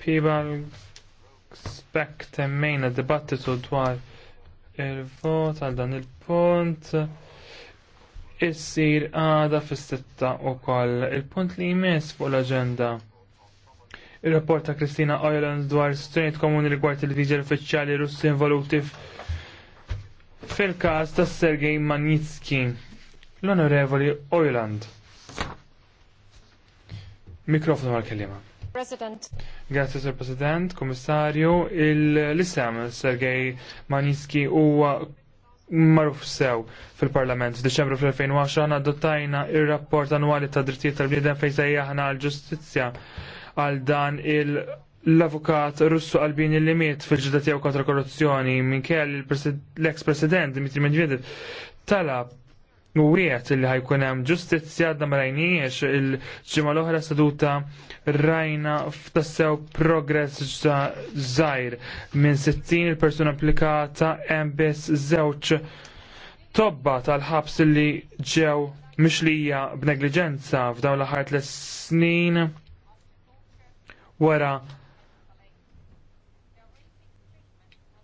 Pibal spekt temmejna dibattitu dwar il-vot għal dan il-punt issir għada fis-sitta u koll il-punt li jmiss fuq l-agenda. Il-rapport ta' Kristina Ireland dwar strejt komuni rigward il-viġer uffiċjali russi involuti fil-kas ta' Sergej Magnitsky. L-Onorevoli Ireland. Mikrofonu għal kellima President. Grazie, Sir President, Kommissarju. il isem Sergej Maniski, huwa maruf sew fil-Parlament. Deċembru fil-2010 adottajna il-rapport annwali ta' drittijiet tal-bniedem fejn sejjaħna għal-ġustizzja għal dan il- l-avukat Russu Albini li miet fil-ġidda tiegħu kontra korruzzjoni minn kell l-ex-president Dmitri Medvedev talab u wieħed li ħajkun hemm ġustizzja għadna ma rajniex il-ġimgħa l-oħra seduta rajna f'tassew progress żgħir minn 60 il-persuna implikata hemm biss żewġ tobba tal-ħabs li ġew mixlija b'negliġenza f'dawn l-aħħar snin wara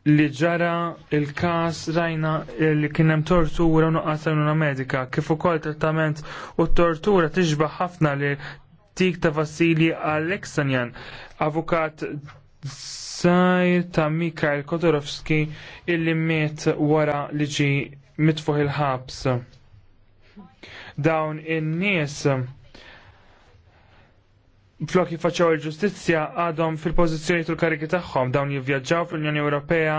li ġara il-kas rajna li kien hemm tortura u nuqqas medika, kif ukoll trattament u tortura tiġbaħ ħafna li tik ta' Vassili Aleksanjan, avukat Zajr ta' Mikhail Kodorowski illi miet wara li ġi mitfuħ il-ħabs. Dawn in-nies il ħabs dawn in nies flok jifacċaw il-ġustizja għadhom fil-pozizjoni tul kariki tagħhom dawn jivvjaġġaw fl-Unjoni Ewropea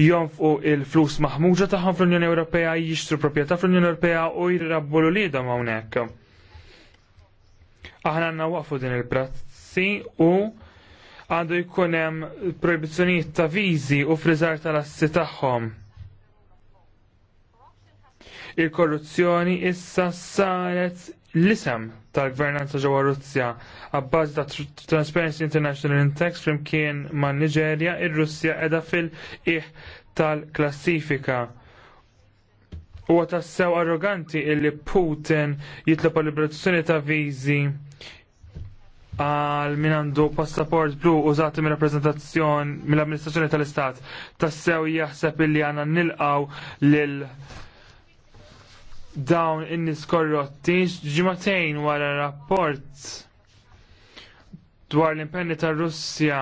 jonfqu il-flus maħmuġa tagħhom fl-Unjoni Ewropea jixtru proprjetà fl-Unjoni Ewropea u jirrabbu l lidhom hawnhekk. Aħna għandna waqfu din il-prazzi u għandu jkun hemm proibizzjonijiet ta' viżi u friżar tal-assi tagħhom. Il-korruzzjoni issa saret l-isem tal-gvernanza ġewwa Russja għabbaż ta' Transparency International Index flimkien ma' Niġerja, ir-Russja qiegħda fil-qiegħ tal-klassifika. Huwa tassew arroganti illi Putin jitlob liberazzjoni ta' viżi għal min għandu passaport blu użati mill rappresentazzjon mill-amministrazzjoni tal-istat tassew jaħseb illi għanna nilqaw lil dawn in-nies korrotti ġimatejn wara rapport dwar l-impenni tar Russja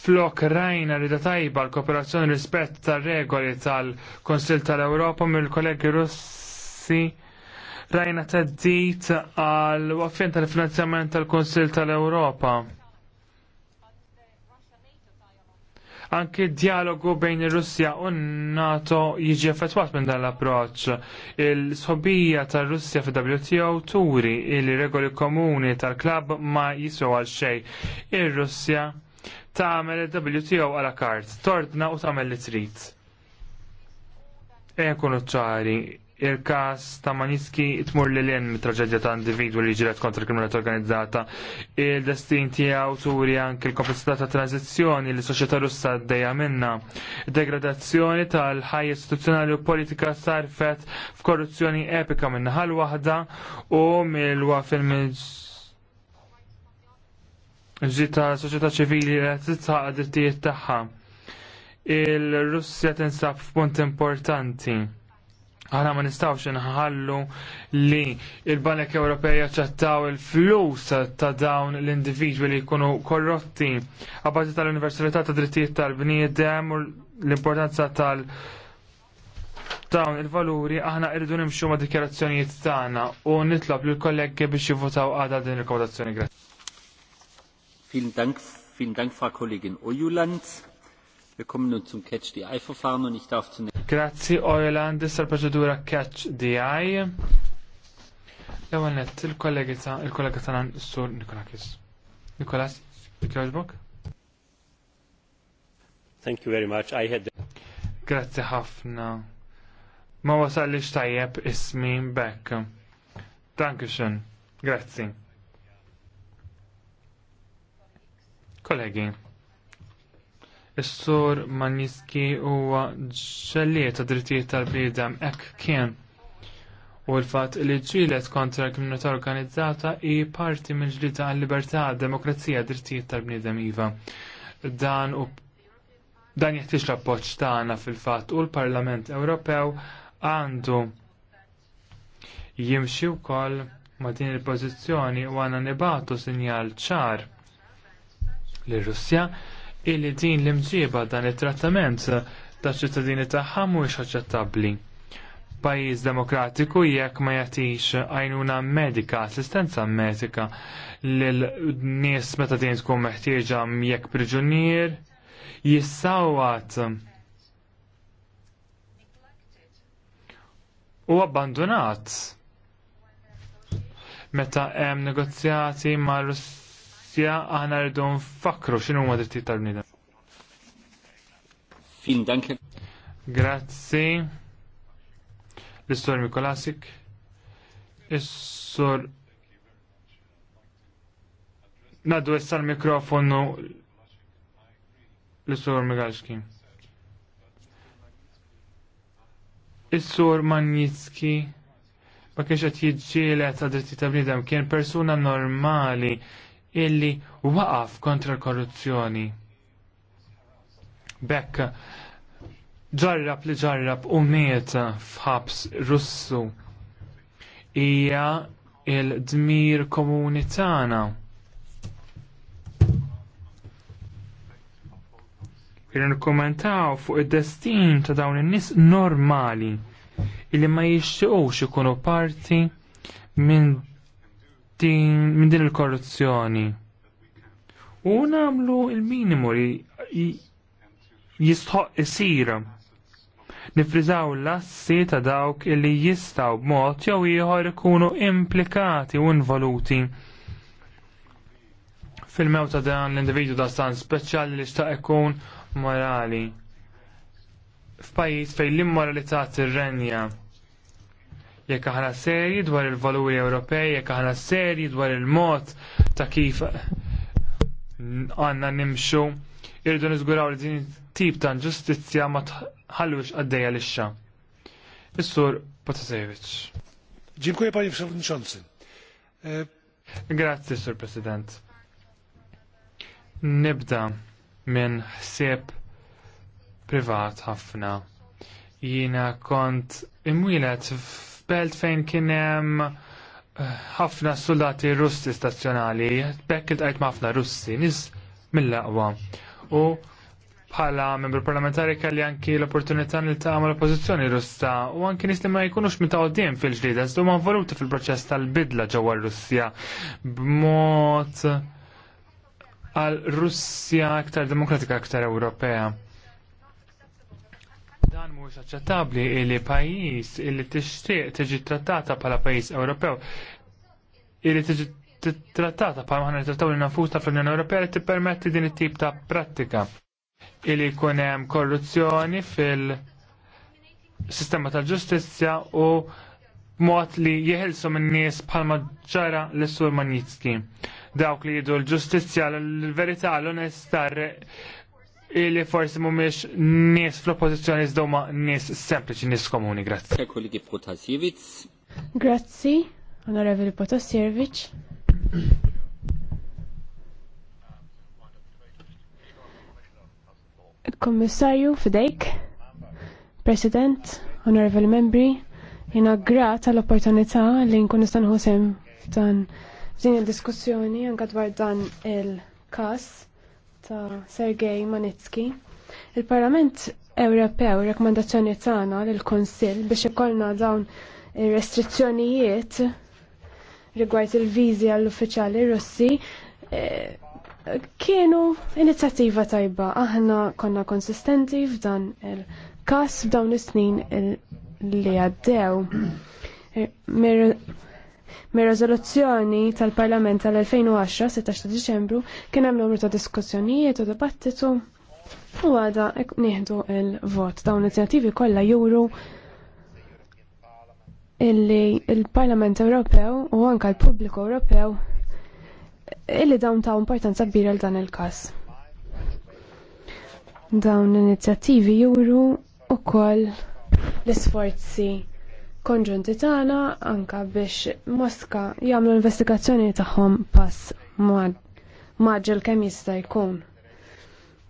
flok rajna li tajba l-kooperazzjoni rispett tar regoli tal-Konsil tal-Europa mill-kollegi russi rajna teddit għal waffin tal-finanzjament tal-Konsil tal-Europa. Anki dialogu bejn ir-Russja u NATO jiġi effettwat minn dan l-approċċ. Il-sħobija tar-Russja fil WTO turi il-regoli komuni tal klabb ma jiswew għal xejn. Ir-Russja tagħmel il-WTO għala kart, tordna u tagħmel li trid. E kunu ċari, il-kas ta' Maniski tmur li l-en traġedja ta' individwi li ġiret kontra kriminalità organizzata. Il-destin tijaw turi anke l-komplessità ta' tranzizjoni li soċjetà russa d-deja minna. Degradazzjoni tal-ħajja istituzzjonali u politika sarfet f'korruzzjoni epika minna ħal waħda u mill-wafil ġita soċjetà ċivili li titħaq drittijiet tagħha. Il-Russja tinsab f'punt importanti Aħna ma nistawx nħallu li il-Banek Ewropej jaċċettaw il-flus ta' dawn l-individwi li jkunu korrotti. Għabbażi tal-Universalità ta' Drittijiet tal-Bniedem u l-importanza tal- dawn il-valuri aħna irridu nimxu ma' dikjarazzjonijiet tagħna u nitlob lill kollegi biex jivvotaw għadha din il-komodazzjoni. Vielen Dank, vielen Dank, Frau Kollegin Ojuland. Wir nun zum Catch the Eye Verfahren und ich darf zunächst Catch the Eye. L-ewwel nett il kollega tagħna s-sur Nikolakis. Nikolas, Thank you very much. I had Grazzi ħafna. Ma wasallix tajjeb ismi bekk. Dankeschön. Grazzi. Kollegi. Is-sur Magnitski huwa ġelliet ta' drittijiet tal-bniedem hekk kien. U l-fatt li ġilet kontra l-kriminalità organizzata hi parti minn ġlida għall-libertà, demokrazija, drittijiet tal-bniedem iva. Dan u dan jeħtieġ l-appoġġ tagħna fil-fatt u l-Parlament Ewropew għandu jimxi wkoll ma' din il-pożizzjoni u għandna nibatu sinjal ċar lir russja illi din l-imġiba dan it-trattament ta' ċittadini tagħha mhuwiex aċċettabbli. Pajjiż demokratiku jekk ma jagħtix għajnuna medika, assistenza medika lil nies meta din tkun meħtieġa jekk priġunier jissawat u abbandonat meta hemm negozjati ma' Russi Russja aħna rridu nfakru x'inhu ma drittijiet tal-bniedem. Fin danke. Grazzi. L-istor Mikolasik. Is-sur Nadu issa l-mikrofonu l-sur Migalski. Is-sur Magnitski ma kienx qed jiġġieled ta' dritti ta' bniedem, kien persuna normali illi waqaf kontra l-korruzzjoni. Bekk ġarrab li ġarrab u miet fħabs russu hija il-dmir komunitana. tagħna. kommentaw fuq id-destin ta' dawn in-nies normali illi ma jixtiequx ikunu parti minn din, minn din il-korruzzjoni. U namlu il-minimu li jistħoq isir. Nifrizaw l-assi ta' dawk li jistaw b'mod jew ieħor ikunu implikati u involuti fil-mewta dan l-individu da' stan speċjali li xtaq ikun morali. F'pajjiż fejn l-immoralità tirrenja jekk aħna serji dwar il-valuri Ewropej, jekk aħna serji dwar il-mod ta' kif għanna nimxu, irridu niżguraw li din tip ta' ġustizzja ma tħallux għaddejja lixxa. Is-sur Potasevich. Dziękuję panie przewodniczący. E, Grazie, sur President. Nibda minn ħsieb privat ħafna. Jiena kont imwilet belt fejn kien hemm eh, ħafna soldati russi stazzjonali, bekk il-tajt ħafna russi, nis mill-laqwa. U bħala membru parlamentari kelli anki l-opportunità nil-taqam l-oppozizjoni russa u anki nis li ma jkunux mitawdin fil-ġdida, zdu ma voluti fil-proċess tal-bidla ġewwa russja b'mod għal Russja aktar demokratika aktar Ewropea mhux aċċettabbli li pajjiż li tixtieq tiġi trattata bħala pajjiż Ewropew li tiġi trattata bħala ħana trattaw li nafusna fl-Unjoni Ewropea li tippermetti din it-tip ta' prattika li jkun hemm korruzzjoni fil-sistema tal-ġustizzja u mod li jeħilsu minn nies bħalma ġara l-Sur Manjitski. Dawk li jidu l-ġustizzja, l-verità, l onestar li forsi mumiex nis fl-oppozizjoni zdoma nis sempliċi nis komuni, grazzi. Kollegi Potasiewicz. Grazzi, onorevoli Protasjevic. Kommissarju, fidejk, President, onorevoli membri, jina grat għall-opportunità li nkun nistan ħosem f'dan f'din il-diskussjoni anka dwar dan il-kas ta' Sergej Manitski. Il-Parlament Ewropew rakkomandazzjoni tagħna lill kunsill biex ikollna dawn restrizzjonijiet rigward il-viżi għall-uffiċjali Russi eh, kienu inizjattiva tajba. Aħna konna konsistenti f'dan il-kas f'dawn is-snin li għaddew mir rezoluzzjoni tal-Parlament tal-2010, 16 ta' Diċembru, kien hemm numru ta' diskussjonijiet u dibattitu u għada nieħdu il-vot. Dawn l-inizjattivi kollha juru illi il-Parlament Ewropew u anka l-Pubbliku Ewropew illi dawn ta' importanza kbira l dan il-każ. Dawn l-inizjattivi juru u koll l-isforzi konġunti tagħna anka biex Moska jagħmlu investigazzjoni tagħhom pass maġġel kemm jista' jkun.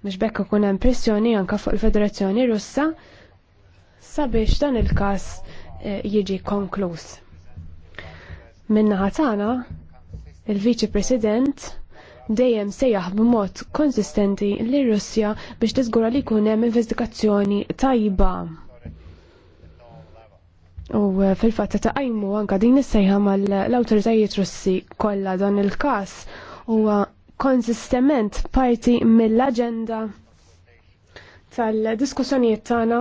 Biex bekk ikun hemm pressjoni anka fuq il-Federazzjoni Russa sabiex dan il-każ eh, jiġi konkluż. Minnaħa tagħna il-Viċi President dejjem sejjaħ b'mod konsistenti lir russja biex tiżgura li jkun hemm investigazzjoni tajba. U eh, fil-fatta ta' għajmu għanka din is-sejħa mal-awtoritajiet russi kollha dan il-każ huwa konsistement parti mill-aġenda tal-diskussjonijiet tagħna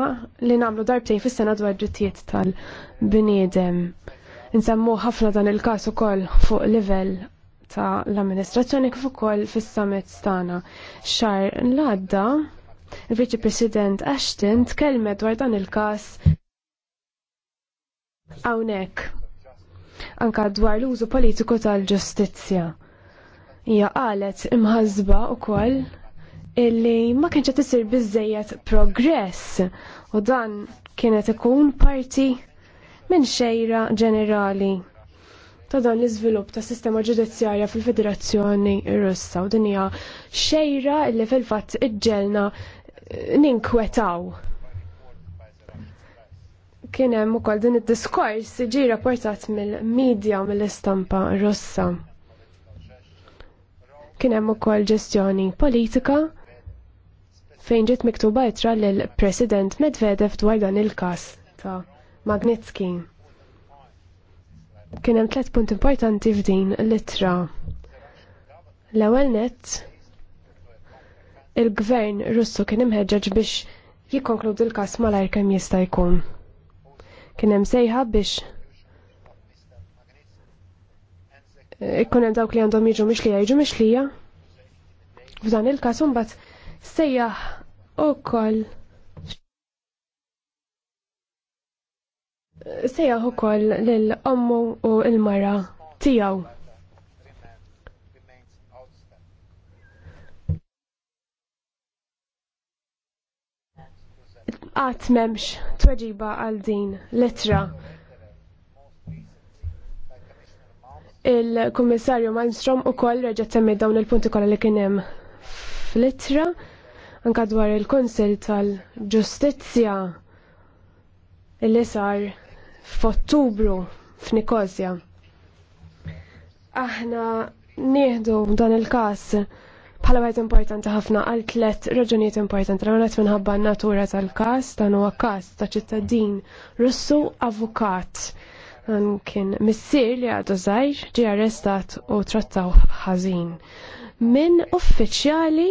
li nagħmlu darbtejn fis-sena dwar drittijiet tal-bniedem. Insemmu ħafna dan il-każ ukoll fuq livell ta' l-amministrazzjoni kif ukoll fis-summit tagħna. Xar l-għadda il-Viċi President Ashton tkellmet dwar dan il-każ Hawnhekk anka dwar l-użu politiku tal-ġustizzja. Hija qalet imħazba wkoll illi ma kienx qed isir biżejjed progress u dan kienet ikun parti minn xejra ġenerali ta' dan l-iżvilupp ta' sistema ġudizzjarja fil-Federazzjoni Russa u din hija xejra illi fil-fatt iġġelna ninkwetaw kien hemm ukoll din id-diskors ġie rapportat mill-medja u mill-istampa Russa. Kien hemm ukoll ġestjoni politika fejn ġiet miktuba ittra lil President Medvedev dwar dan il-każ ta' Magnitsky. Kien hemm tliet punt importanti f'din l-ittra. L-ewwel nett il-gvern Russu kien imħeġġeġ biex jikkonkludi l-każ malajr kemm jista' jkun kien hemm sejħa biex ikkun hemm dawk li għandhom jiġu mixlija jiġu mixlija. F'dan il-każ imbagħad sejjaħ ukoll sejjaħ ukoll lil ommu u l-mara tiegħu. Għat memx tweġiba għal din letra. Il-Kummissarju Malmstrom u koll reġa' dawn il-punti kollha li kien hemm f'littra anka dwar il-Konsil tal-Ġustizzja li sar f'Ottubru f'Nikosja. Aħna nieħdu dan il-każ bħala wieħed importanti ħafna għal tliet raġunijiet importanti. Raġunijiet minħabba natura tal-każ, dan huwa każ ta' ċittadin Russu avukat. Dan kien missier li għadu żgħir ġie arrestat u trattaw ħażin minn uffiċjali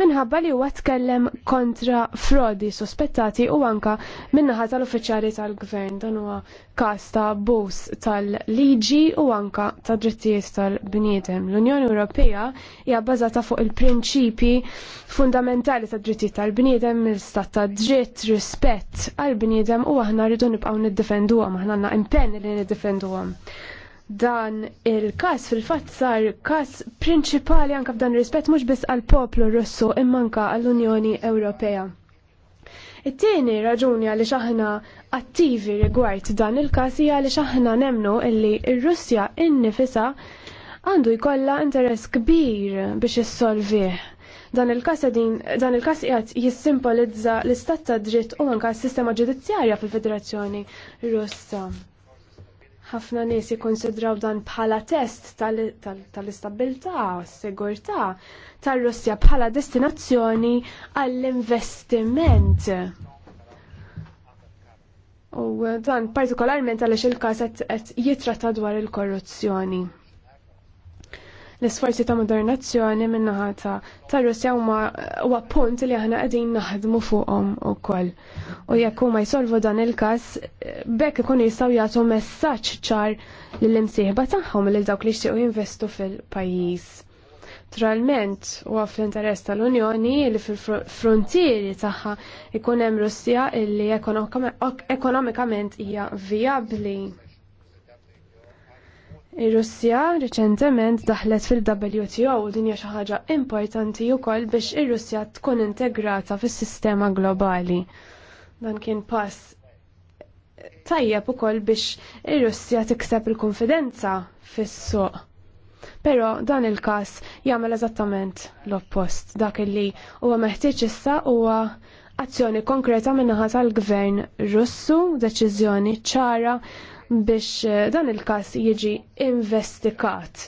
minħabba li huwa tkellem kontra frodi sospettati u anka minnaħa tal-uffiċjali tal-gvern dan huwa każ ta' abbuż tal-liġi u anka ta' drittijiet tal-bniedem. L-Unjoni Ewropea hija bbażata fuq il-prinċipji fundamentali ta' drittijiet tal-bniedem, mill-istat ta' dritt, rispett għall bniedem u aħna rridu nibqgħu niddefenduhom, aħna għandna impenn li niddefenduhom dan il-kas fil-fatt sar kas prinċipali anka f'dan rispett mhux biss għall poplu Russu imma anka għall-Unjoni Ewropea. It-tieni raġuni għaliex aħna attivi rigward dan il-kas hija għaliex aħna nemnu illi r-Russja innifisa għandu jkollha interess kbir biex issolvih. Dan il-kas dan il-kas qiegħed jissimbolizza l-istat ta' dritt u anke s-sistema ġudizzjarja fil-Federazzjoni Russa ħafna nies jikkonsidraw dan bħala test tal-istabilta, tal istabilta u s tar-Russja bħala destinazzjoni għall-investiment. U dan partikolarment għaliex il-każ qed jitratta dwar il-korruzzjoni l-isforzi ta' modernazzjoni min ta' tar Russja huwa punt li aħna qegħdin naħdmu fuqhom ukoll. U jekk huma jsolvu dan il-każ bekk ikun jistgħu jagħtu messaġġ ċar lill-imsieħba tagħhom lil dawk li jixtiequ jinvestu fil-pajjiż. Naturalment huwa fl-interess tal-Unjoni li fil-frontieri tagħha ikun hemm Russja illi ekonomikament hija vijabbli. Ir-Russja riċentement daħlet fil-WTO u dinja xi ħaġa importanti wkoll biex ir-Russja tkun integrata fis-sistema globali. Dan kien pass tajjeb ukoll biex ir-Russja tikseb il-konfidenza fis-suq. Però dan il-każ jagħmel eżattament l-oppost dak li huwa meħtieġ issa huwa azzjoni konkreta minnaħa tal-gvern Russu, deċiżjoni ċara biex eh, dan il-każ jiġi investigat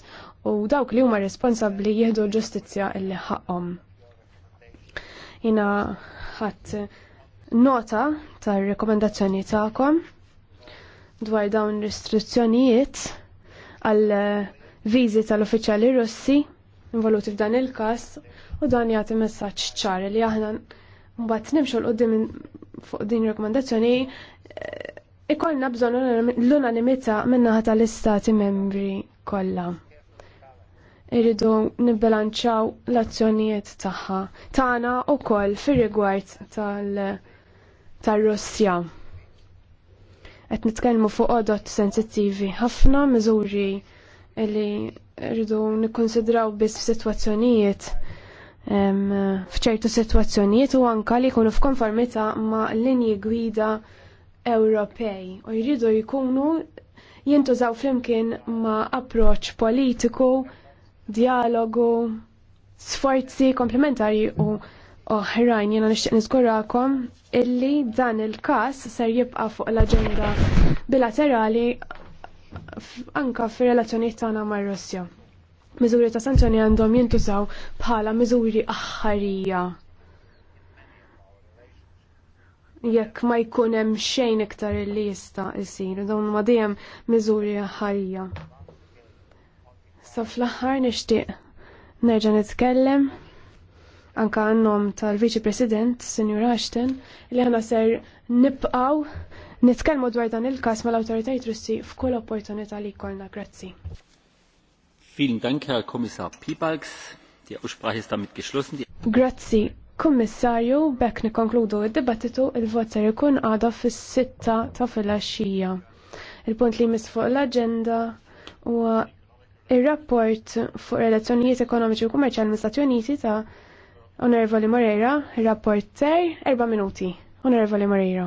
u dawk li huma responsabbli jieħdu l-ġustizzja illi ħaqhom. Jina ħadd nota tar-rekomendazzjoni tagħkom dwar dawn restrizzjonijiet għal eh, viżi tal-uffiċjali Russi involuti f'dan il-każ u dan jagħti messaġġ ċar li aħna mbagħad nimxu l-qudiem fuq din rekomendazzjoni eh, Ikollna bżonn l-unanimità minnaħa tal-istati membri kollha. Iridu nibbilanċaw l-azzjonijiet tagħha tagħna wkoll fir-rigward tal-Russja. Qed nitkellmu fuq għodot sensittivi ħafna miżuri li rridu nikkonsidraw biss f'sitwazzjonijiet f'ċertu sitwazzjonijiet u anka li jkunu f'konformità ma' linji gwida Ewropej u jridu jkunu jintużaw flimkien ma' approċ politiku, dialogu, sforzi komplementari u oħrajn jena nixtieq niżgurakom illi dan il-każ ser jibqa' fuq l-aġenda bilaterali anka fir relazzjonijiet tagħna mar-Russja. Miżuri ta' sanzjoni għandhom jintużaw bħala miżuri aħħarija jekk ma jkun hemm xejn iktar li jista' jsir, dawn ma dejjem miżuri ħajja. Sa fl-aħħar nixtieq nerġa' nitkellem anka għannom tal-Viċi President, Senior Ashton, li għanna ser nibqgħu nitkellmu dwar dan il-kas mal awtoritajiet Russi f'kull opportunità li jkollna. Grazzi. Vielen Dank, Herr Kommissar Piebalgs. Die Aussprache ist damit geschlossen. Grazzi. Kummissarju, bekk nikonkludu id-dibattitu il-vot ser ikun għada fis-sitta ta' filgħaxija. Il-punt li jmiss fuq l-aġenda huwa ir-rapport fuq relazzjonijiet ekonomiċi u kummerċjali mill-Stati Uniti ta' Onorevoli Moreira, rapporter, erba' minuti. Onorevoli Moreira.